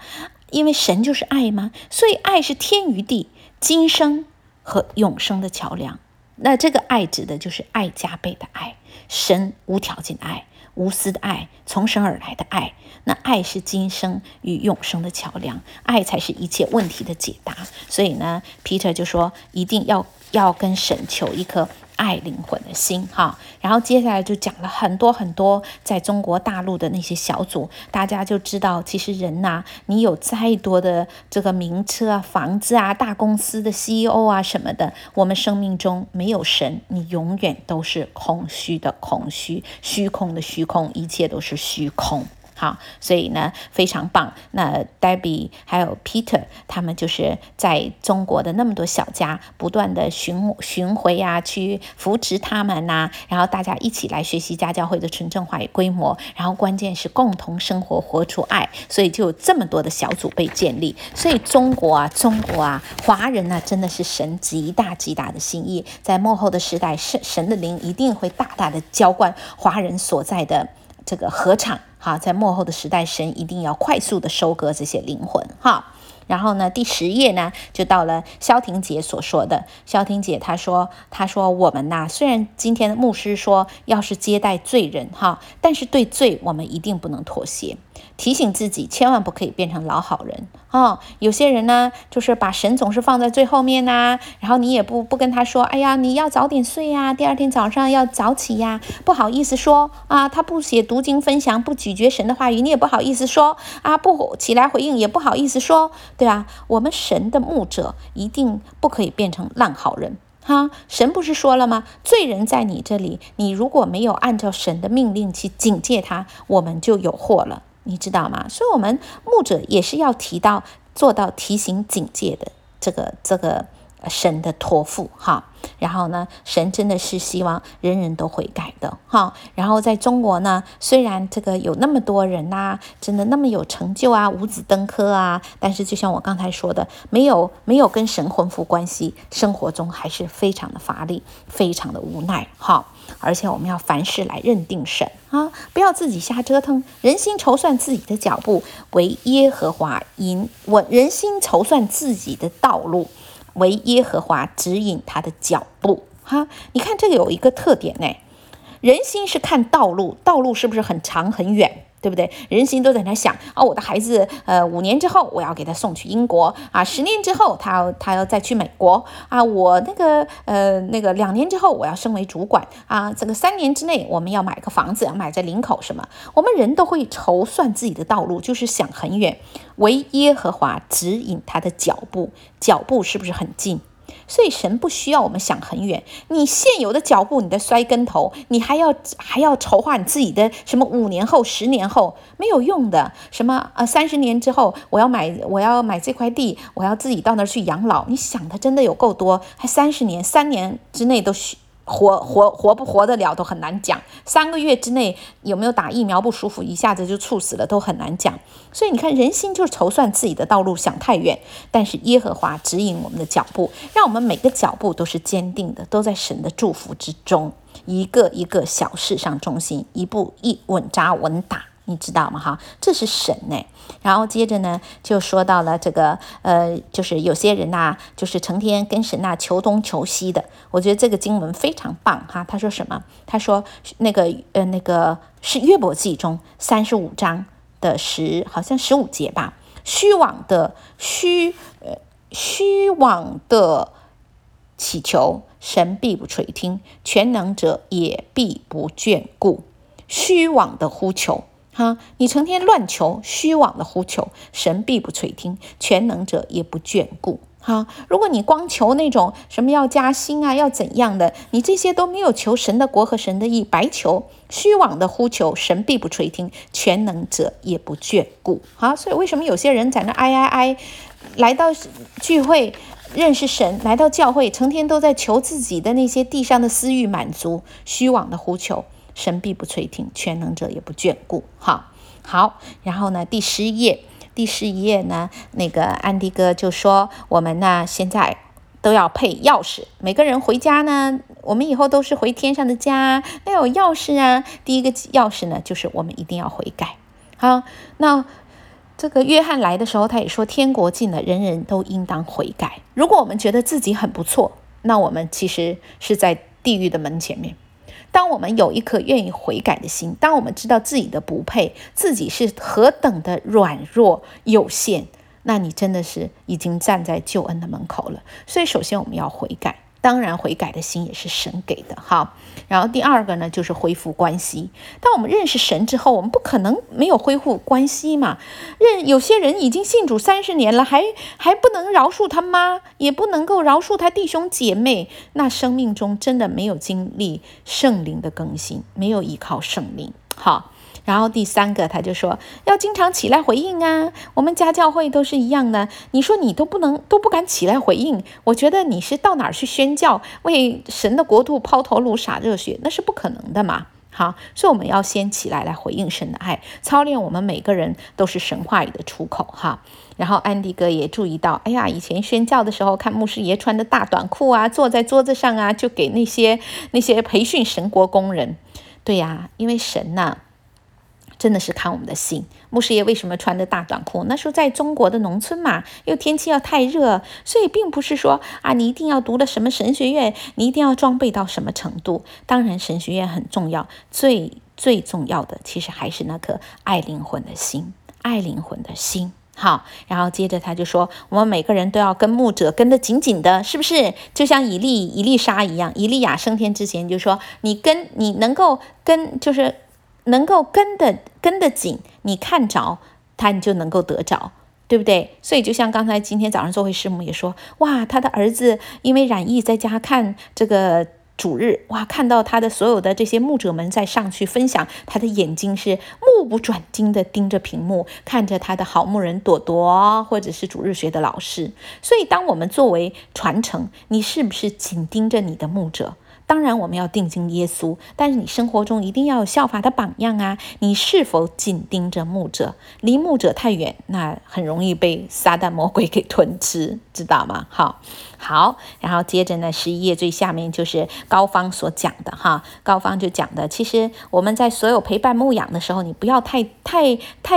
因為神就是愛嗎？所以愛是天與地、今生和永生的橋樑。那這個愛指的就是愛加倍的愛，神無條件的愛。無私的愛，從神而來的愛，那愛是今生與永生的橋樑，愛才是一切問題的解答。所以呢，Peter 就說一定要要跟神求一顆。愛靈魂的心哈，然後接下來就講了很多很多，在中國大陸的那些小組，大家就知道，其實人吶、啊，你有再多的這個名車啊、房子啊、大公司的 CEO 啊什麼的，我們生命中沒有神，你永遠都是空虛的，空虛，虛空的虛空，一切都是虛空。好，所以呢，非常棒。那 Debbie 還有 Peter，他們就是在中國的那麼多小家，不斷的巡巡回，啊，去扶持他們吶、啊，然後大家一起來學習家教會的純正化與規模，然後關鍵是共同生活，活出愛。所以就有這麼多的小組被建立。所以中國啊，中國啊，華人呢、啊、真的是神極大極大的心意，在末後的時代，神神的靈一定會大大的澆灌華人所在的。這個禾場哈，在末後的時代，神一定要快速的收割這些靈魂哈。然後呢，第十頁呢，就到了蕭婷姐所說的。蕭婷姐她說：“她說我們吶、啊，雖然今天的牧師說要是接待罪人哈，但是對罪我們一定不能妥協。”提醒自己，千萬不可以變成老好人啊、哦！有些人呢，就是把神總是放在最後面吶、啊，然後你也不不跟他說，哎呀，你要早點睡呀、啊，第二天早上要早起呀、啊，不好意思說啊。他不寫讀經分享，不咀嚼神的話語，你也不好意思說啊。不起來回應也不好意思說，對吧、啊？我們神的牧者一定不可以變成爛好人哈、啊！神不是說了嗎？罪人在你這裡，你如果沒有按照神的命令去警戒他，我們就有禍了。你知道嗎？所以，我們牧者也是要提到做到提醒、警戒的這個這個，這個神的托付哈，然後呢，神真的是希望人人都悔改的哈。然後在中國呢，雖然這個有那麼多人吶、啊，真的那麼有成就啊，五子登科啊，但是就像我剛才說的，沒有沒有跟神恢復關係，生活中還是非常的乏力，非常的無奈哈。而且我們要凡事來認定神啊，不要自己瞎折騰，人心籌算自己的腳步，為耶和華引我；人心籌算自己的道路。為耶和華指引他的腳步，哈！你看這個有一個特點呢？人心是看道路，道路是不是很長很遠，對不對？人心都在那想啊、哦，我的孩子，呃，五年之後我要給他送去英國啊，十年之後他要他要再去美國啊，我那個呃那個兩年之後我要升為主管啊，這個三年之內我們要買個房子，買在林口什麼？我們人都會籌算自己的道路，就是想很遠，惟耶和華指引他的腳步，腳步是不是很近？所以神不需要我們想很遠，你現有的腳步，你的摔跟頭，你還要還要籌劃你自己的什麼五年後、十年後沒有用的什麼啊？呃、三十年之後我要買我要買這塊地，我要自己到那兒去養老。你想的真的有夠多，還三十年、三年之內都需。活活活不活得了都很難講，三個月之內有沒有打疫苗不舒服，一下子就猝死了都很難講。所以你看，人心就是籌算自己的道路，想太遠。但是耶和華指引我們的腳步，讓我們每個腳步都是堅定的，都在神的祝福之中。一個一個小事上忠心，一步一穩扎穩打，你知道嗎？哈，這是神呢、欸。然後接着呢，就說到了這個，呃，就是有些人吶、啊，就是成天跟神吶、啊，求東求西的。我覺得這個經文非常棒哈。他說什麼？他說那個，呃，那個是約伯記中三十五章的十，好像十五節吧。虛妄的虛，呃，虛妄的祈求，神必不垂聽；全能者也必不眷顧虛妄的呼求。哈、啊，你成天亂求，虛妄的呼求，神必不垂聽，全能者也不眷顧。哈、啊，如果你光求那種什麼要加薪啊，要怎樣的，你這些都沒有求神的國和神的義，白求，虛妄的呼求，神必不垂聽，全能者也不眷顧。哈、啊，所以為什麼有些人在那哎哎哎，來到聚會認識神，來到教會，成天都在求自己的那些地上的私欲滿足，虛妄的呼求。神必不垂聽，全能者也不眷顧。好好，然後呢？第十一頁，第十一頁呢？那個安迪哥就說：“我們呢，現在都要配鑰匙。每個人回家呢，我們以後都是回天上的家，要有鑰匙啊。第一個鑰匙呢，就是我們一定要悔改。好，那這個約翰來的時候，他也說：天國近了，人人都應當悔改。如果我們覺得自己很不錯，那我們其實是在地獄的門前面。”當我們有一顆願意悔改的心，當我們知道自己的不配，自己是何等的軟弱有限，那你真的是已經站在救恩的門口了。所以，首先我們要悔改，當然悔改的心也是神給的哈。好然後第二個呢，就是恢復關係。當我們認識神之後，我們不可能沒有恢復關係嘛？認有些人已經信主三十年了，還還不能饒恕他媽，也不能夠饒恕他弟兄姐妹。那生命中真的沒有經歷聖靈的更新，沒有依靠聖靈。好。然後第三個，他就說要經常起來回應啊！我們家教會都是一樣的，你說你都不能、都不敢起來回應，我覺得你是到哪兒去宣教，為神的國度拋頭顱灑熱血，那是不可能的嘛！好，所以我們要先起來來回應神的愛，操練我們每個人都是神話語的出口哈。然後安迪哥也注意到，哎呀，以前宣教的時候看牧師爺穿的大短褲啊，坐在桌子上啊，就給那些那些培訓神國工人。對呀、啊，因為神吶、啊。真的是看我們的心。牧師爺為什麼穿的大短褲？那時候在中國的農村嘛，又天氣要太熱，所以並不是說啊，你一定要讀了什麼神學院，你一定要裝備到什麼程度。當然，神學院很重要，最最重要的其實還是那顆愛靈魂的心，愛靈魂的心。好，然後接着他就說，我們每個人都要跟牧者跟得緊緊的，是不是？就像以利，以利沙一樣，以利亞升天之前就說，你跟你能夠跟就是。能夠跟得跟得緊，你看着他，你就能夠得着，對不對？所以就像剛才今天早上做會師母也說，哇，他的兒子因為染疫在家看這個主日，哇，看到他的所有的這些牧者們在上去分享，他的眼睛是目不轉睛的盯着屏幕，看着他的好牧人朵朵或者是主日學的老師。所以，當我們作為傳承，你是不是緊盯着你的牧者？當然，我們要定睛耶穌，但是你生活中一定要有效法的榜樣啊！你是否緊盯着牧者？離牧者太遠，那很容易被撒旦魔鬼給吞吃，知道嗎？好，好，然後接着呢，十一頁最下面就是高方所講的哈。高方就講的，其實我們在所有陪伴牧養的時候，你不要太太太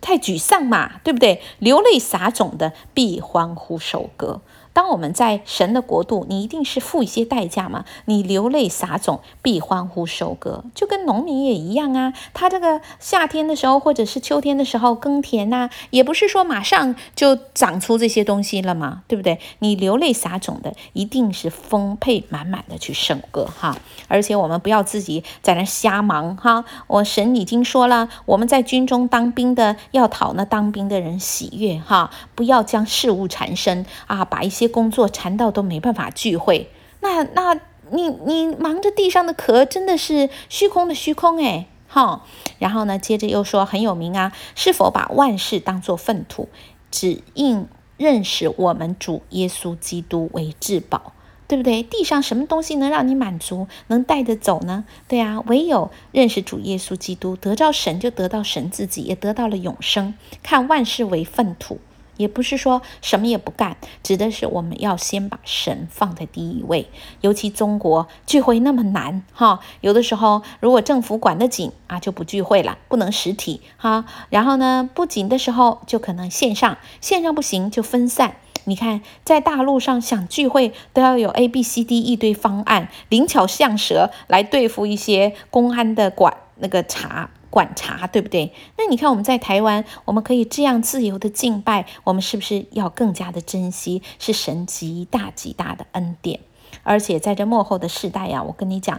太沮喪嘛，對不對？流淚撒種的，必歡呼收割。當我們在神的國度，你一定是付一些代價嘛？你流淚撒種，必歡呼收割，就跟農民也一樣啊。他這個夏天的時候，或者是秋天的時候耕田呐、啊，也不是說馬上就長出這些東西了嘛，對不對？你流淚撒種的，一定是豐沛滿滿的去收割哈。而且我們不要自己在那瞎忙哈。我神已經說了，我們在軍中當兵的，要討那當兵的人喜悅哈，不要將世務纏身啊，把一些。些工作纏到都沒辦法聚會，那那你，你你忙着地上的殼，真的是虛空的虛空誒哈、哦。然後呢，接着又說很有名啊，是否把萬事當做糞土，只應認識我們主耶穌基督為至寶，對不對？地上什麼東西能讓你滿足，能帶得走呢？對啊，唯有認識主耶穌基督，得到神就得到神自己，也得到了永生，看萬事為糞土。也不是說什麼也不幹，指的是我們要先把神放在第一位。尤其中國聚會那麼難哈，有的時候如果政府管得緊啊，就不聚會了，不能實體哈。然後呢，不緊的時候就可能線上，線上不行就分散。你看在大陸上想聚會都要有 A、B、C、D 一堆方案，靈巧像蛇來對付一些公安的管那個查。觀察對不對？那你看我們在台灣，我們可以這樣自由的敬拜，我們是不是要更加的珍惜？是神極大極大的恩典。而且在這末後的世代呀、啊，我跟你講，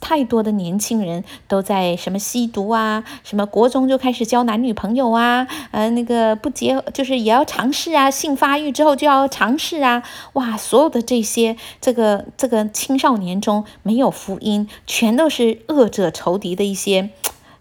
太多的年輕人都在什麼吸毒啊，什麼國中就開始交男女朋友啊，呃，那個不結就是也要嘗試啊，性發育之後就要嘗試啊，哇，所有的這些這個這個青少年中沒有福音，全都是惡者仇敵的一些，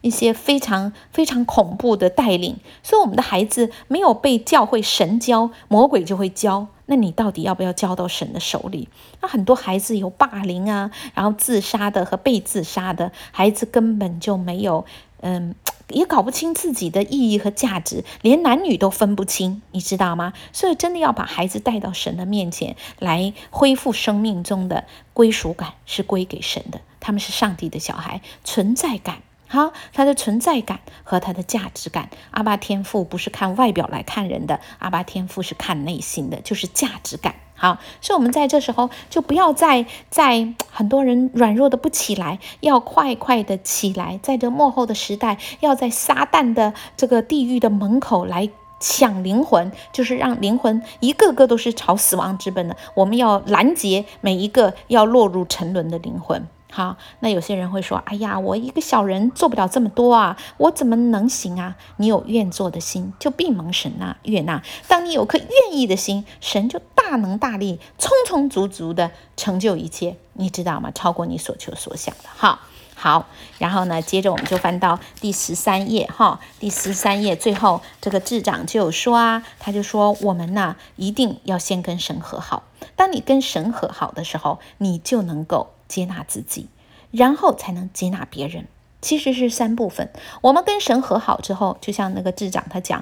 一些非常非常恐怖的帶領，所以我們的孩子沒有被教會神教，魔鬼就會教。那你到底要不要交到神的手裡？那很多孩子有霸凌啊，然後自殺的和被自殺的孩子根本就沒有，嗯，也搞不清自己的意義和價值，連男女都分不清，你知道嗎？所以真的要把孩子帶到神的面前來，恢復生命中的歸屬感，是歸給神的。他們是上帝的小孩，存在感。好，它的存在感和它的價值感。阿爸天父不是看外表來看人的，阿爸天父是看內心的，就是價值感。好，所以我們在這時候就不要再在很多人軟弱的不起來，要快快的起來，在這末後的時代，要在撒旦的這個地獄的門口來搶靈魂，就是讓靈魂一個個都是朝死亡之奔的。我們要攔截每一個要落入沉淪的靈魂。好，那有些人會說：“哎呀，我一個小人做不了這麼多啊，我怎麼能行啊？”你有願做的心，就必蒙神吶、啊、悅納。當你有顆願意的心，神就大能大力，充充足足的成就一切，你知道嗎？超過你所求所想的。好好，然後呢，接着我們就翻到第十三頁哈、哦。第十三頁最後，這個智長就有說啊，他就說：“我們呢，一定要先跟神和好。當你跟神和好的時候，你就能夠。”接納自己，然後才能接納別人。其實是三部分。我們跟神和好之後，就像那個智長他講，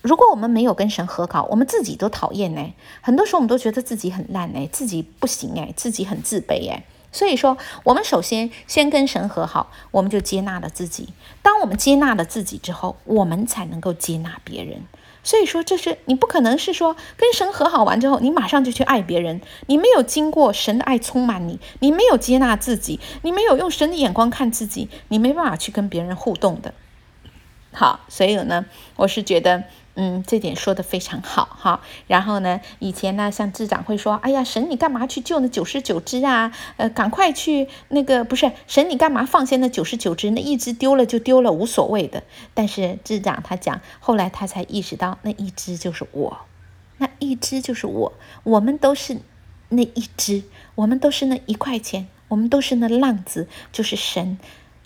如果我們沒有跟神和好，我們自己都討厭呢。很多時候，我們都覺得自己很爛呢，自己不行哎，自己很自卑哎。所以說，我們首先先跟神和好，我們就接納了自己。當我們接納了自己之後，我們才能夠接納別人。所以說、就是，這是你不可能是說跟神和好完之後，你馬上就去愛別人。你沒有經過神的愛充滿你，你沒有接納自己，你沒有用神的眼光看自己，你沒辦法去跟別人互動的。好，所以呢，我是覺得。嗯，這點說得非常好哈。然後呢，以前呢，像智長會說：“哎呀，神，你幹嘛去救那九十九隻啊？呃，趕快去那個，不是神，你幹嘛放下那九十九隻？那一隻丟了就丟了，無所謂的。”但是智長他講，後來他才意識到，那一隻就是我，那一隻就是我，我們都是那一隻，我們都是那一塊錢，我們都是那浪子，就是神，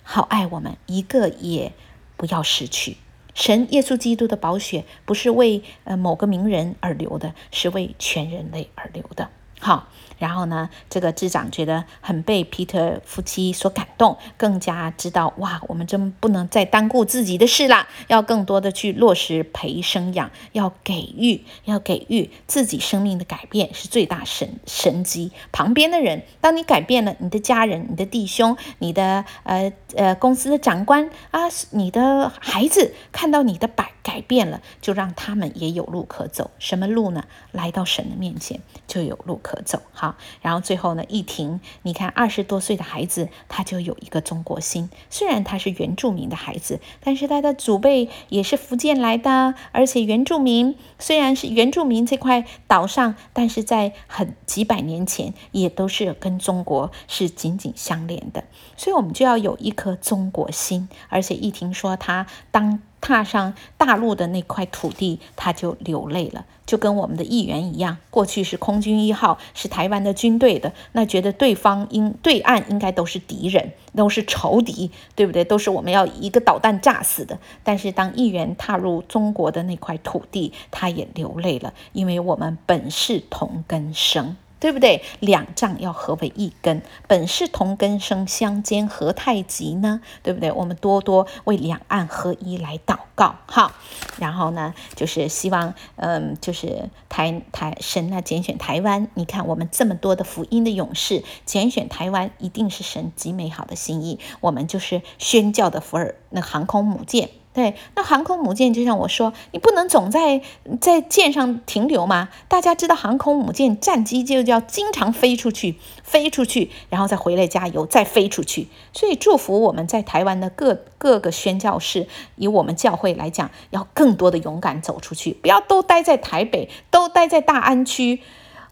好愛我們，一個也不要失去。神耶穌基督的寶血不是為呃某個名人而流的，是為全人類而流的。好。然後呢，這個智長覺得很被彼得夫妻所感動，更加知道哇，我們真不能再單顧自己的事了，要更多的去落實培生養，要給予，要給予自己生命的改變是最大神神機。旁邊的人，當你改變了你的家人、你的弟兄、你的呃呃公司的長官啊，你的孩子看到你的改改變了，就讓他們也有路可走。什麼路呢？來到神的面前就有路可走。好。然後最後呢，一婷，你看二十多歲的孩子，他就有一個中國心。雖然他是原住民的孩子，但是他的祖輩也是福建來的。而且原住民雖然是原住民這塊島上，但是在很幾百年前也都是跟中國是緊緊相連的。所以，我們就要有一顆中國心。而且一婷說，他當。踏上大陸的那塊土地，他就流淚了，就跟我們的議員一樣，過去是空軍一號，是台灣的軍隊的，那覺得對方應，對岸應該都是敵人，都是仇敵，對不對？都是我們要一個導彈炸死的。但是當議員踏入中國的那塊土地，他也流淚了，因為我們本是同根生。對不對？兩杖要合為一根，本是同根生相間，相煎何太急呢？對不對？我們多多為兩岸合一來禱告哈。然後呢，就是希望，嗯，就是台台神呢，揀選台灣。你看，我們這麼多的福音的勇士，揀選台灣，一定是神極美好的心意。我們就是宣教的福爾那航空母艦。對，那航空母艦就像我說，你不能總在在艦上停留嘛。大家知道，航空母艦戰機就叫經常飛出去，飛出去，然後再回來加油，再飛出去。所以，祝福我們在台灣的各各個宣教士，以我們教會來講，要更多的勇敢走出去，不要都待在台北，都待在大安區，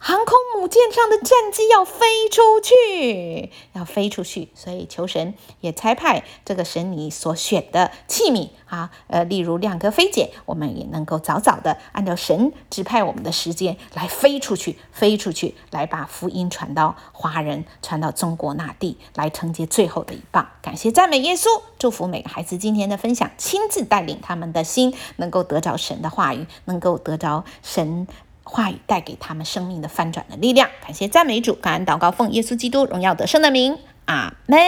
航空母艦上的戰機要飛出去，要飛出去，所以求神也差派這個神你所選的器皿啊，呃，例如亮哥、飛姐，我們也能夠早早的按照神指派我們的時間來飛出去，飛出去，來把福音傳到華人，傳到中國那地，來承接最後的一棒。感謝讚美耶穌，祝福每個孩子今天的分享，親自帶領他們的心，能夠得着神的話語，能夠得着神，話語帶給他們生命的翻轉的力量。感謝讚美主，感恩禱告，奉耶穌基督榮耀得勝的名，阿門。